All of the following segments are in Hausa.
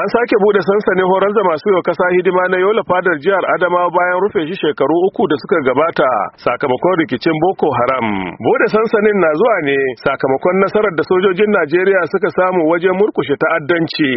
an sake bude sansanin horar da masu yau kasa hidima na yola fadar jihar adamawa bayan rufe shi shekaru uku da suka gabata sakamakon rikicin boko haram bude sansanin na zuwa ne sakamakon nasarar da sojojin najeriya suka samu wajen murkushe ta'addanci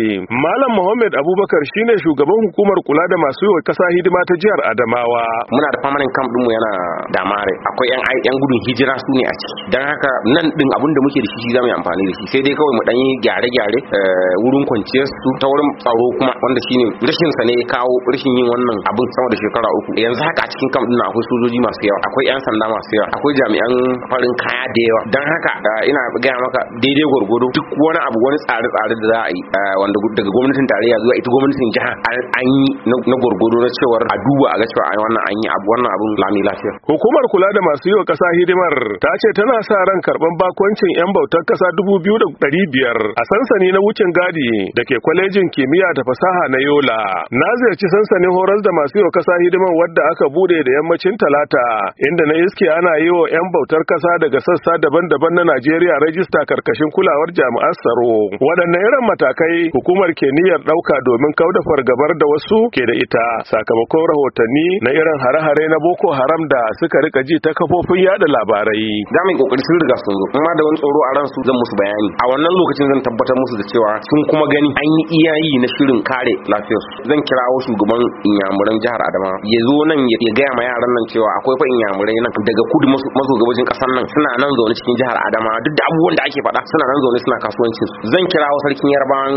malam muhammad abubakar shine shugaban hukumar kula da masu yau kasa hidima ta jihar adamawa muna da famanin kam dinmu yana damare akwai yan yan gudun hijira su ne a ciki dan haka nan din abin da muke da shi zamu yi amfani da shi sai dai kawai mu dan yi gyare-gyare eh, wurin kwanciyar su ta wurin tsaro kuma wanda shine rashin sa ne ya kawo rashin yin wannan abin sama da shekara uku yanzu haka a cikin kamfani na, akwai sojoji masu yawa akwai yan sanda masu yawa akwai jami'an farin kaya da yawa Don haka ina gaya maka daidai gwargwado duk wani abu wani tsare-tsare da za a yi eh, wanda daga gwamnatin tarayya zuwa ita gwamnatin jiha an yi na gwargwado na cewar a duba a ga cewa a wannan an yi abu wannan abun lami lafiya hukumar kula da masu yi wa kasa hidimar ta ce tana sa ran karban bakoncin yan bautar kasa dubu biyu da ɗari biyar a sansani na wucin gadi da ke kwalejin kimiyya da fasaha na Yola. Na ziyarci sansanin horas da masu yau kasa hidiman wadda aka bude da yammacin Talata, inda na iske ana yi wa 'yan bautar kasa daga sassa daban-daban na Najeriya rajista karkashin kulawar jami'an tsaro. Waɗanne irin matakai hukumar ke niyyar ɗauka domin kauda fargabar da wasu ke da ita sakamakon rahotanni na irin hare-hare na Boko Haram da suka rika ji ta kafofin yada labarai. Za mu kokari sun riga sun zo, kuma da wani tsoro a ran su zan musu bayani. A wannan lokacin zan tabbatar musu da cewa sun kuma gani an yi iya yi na shirin kare lafiyarsu zan kira kirawo shugaban inyamuran jihar adama ya zo nan ya gaya ma yaran nan cewa akwai fa inyamurai nan daga kudu maso gabashin kasar nan suna nan zaune cikin jihar adama duk da abubuwan da ake faɗa suna nan zaune suna kasuwancin zan kira kirawo sarkin yarban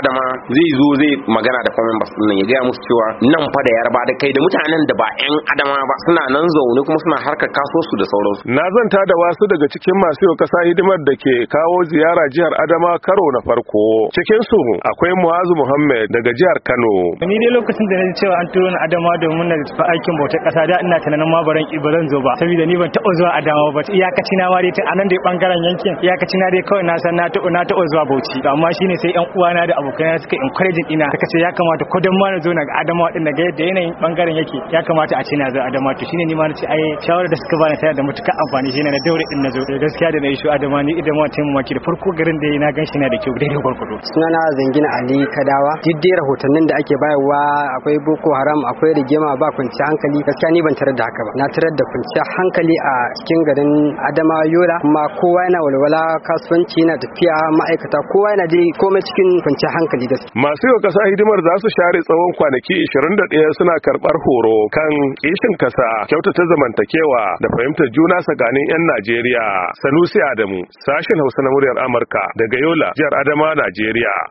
adama zai zo zai magana da kwamin ba nan ya gaya musu cewa nan fa da yarba da kai da mutanen da ba yan adama ba suna nan zaune kuma suna harkar kasuwarsu da sauransu na zanta da wasu daga cikin masu yau kasa hidimar da ke kawo ziyara jihar adama karo na farko cikin su akwai mu'azu muhammad daga jihar kano ni dai lokacin da na ji cewa an turo ni adama domin na tafi aikin bautar kasa da ina tunanin ma baran baran zo ba saboda ni ban taɓa zuwa adama ba iyakaci na wari a nan dai bangaren yankin iyakaci na dai kawai na san na taɓa na taɓa zuwa bauchi amma shine sai yan uwana da abokaina suka encourage ina suka ce ya kamata ko dan ma na zo na ga adama din na ga yadda yanayin bangaren yake ya kamata a ce na zo adama to shine ni ma na ce ai shawara da suka bani tana da matukar amfani shine na daure din na zo gaskiya da na yi shu adama ni idan ma taimaki da farko garin da na shi na da kyau daidai gwargwado sunana zangina ali kadawa duk dai rahotannin da ake bayarwa akwai boko haram akwai rigima ba kwanciyar hankali gaskiya ni ban tarar da haka ba na tarar da kwanciyar hankali a cikin garin adama yola kuma kowa yana walwala kasuwanci yana tafiya ma'aikata kowa yana dai komai cikin kwanciyar hankali da masu yau kasa hidimar za su share tsawon kwanaki 21 suna karbar horo kan kishin kasa kyautata zamantakewa da fahimtar juna tsakanin 'yan Najeriya. Sanusi Adamu, sashen Hausa na muryar Amurka daga Yola, jihar Adama, Najeriya.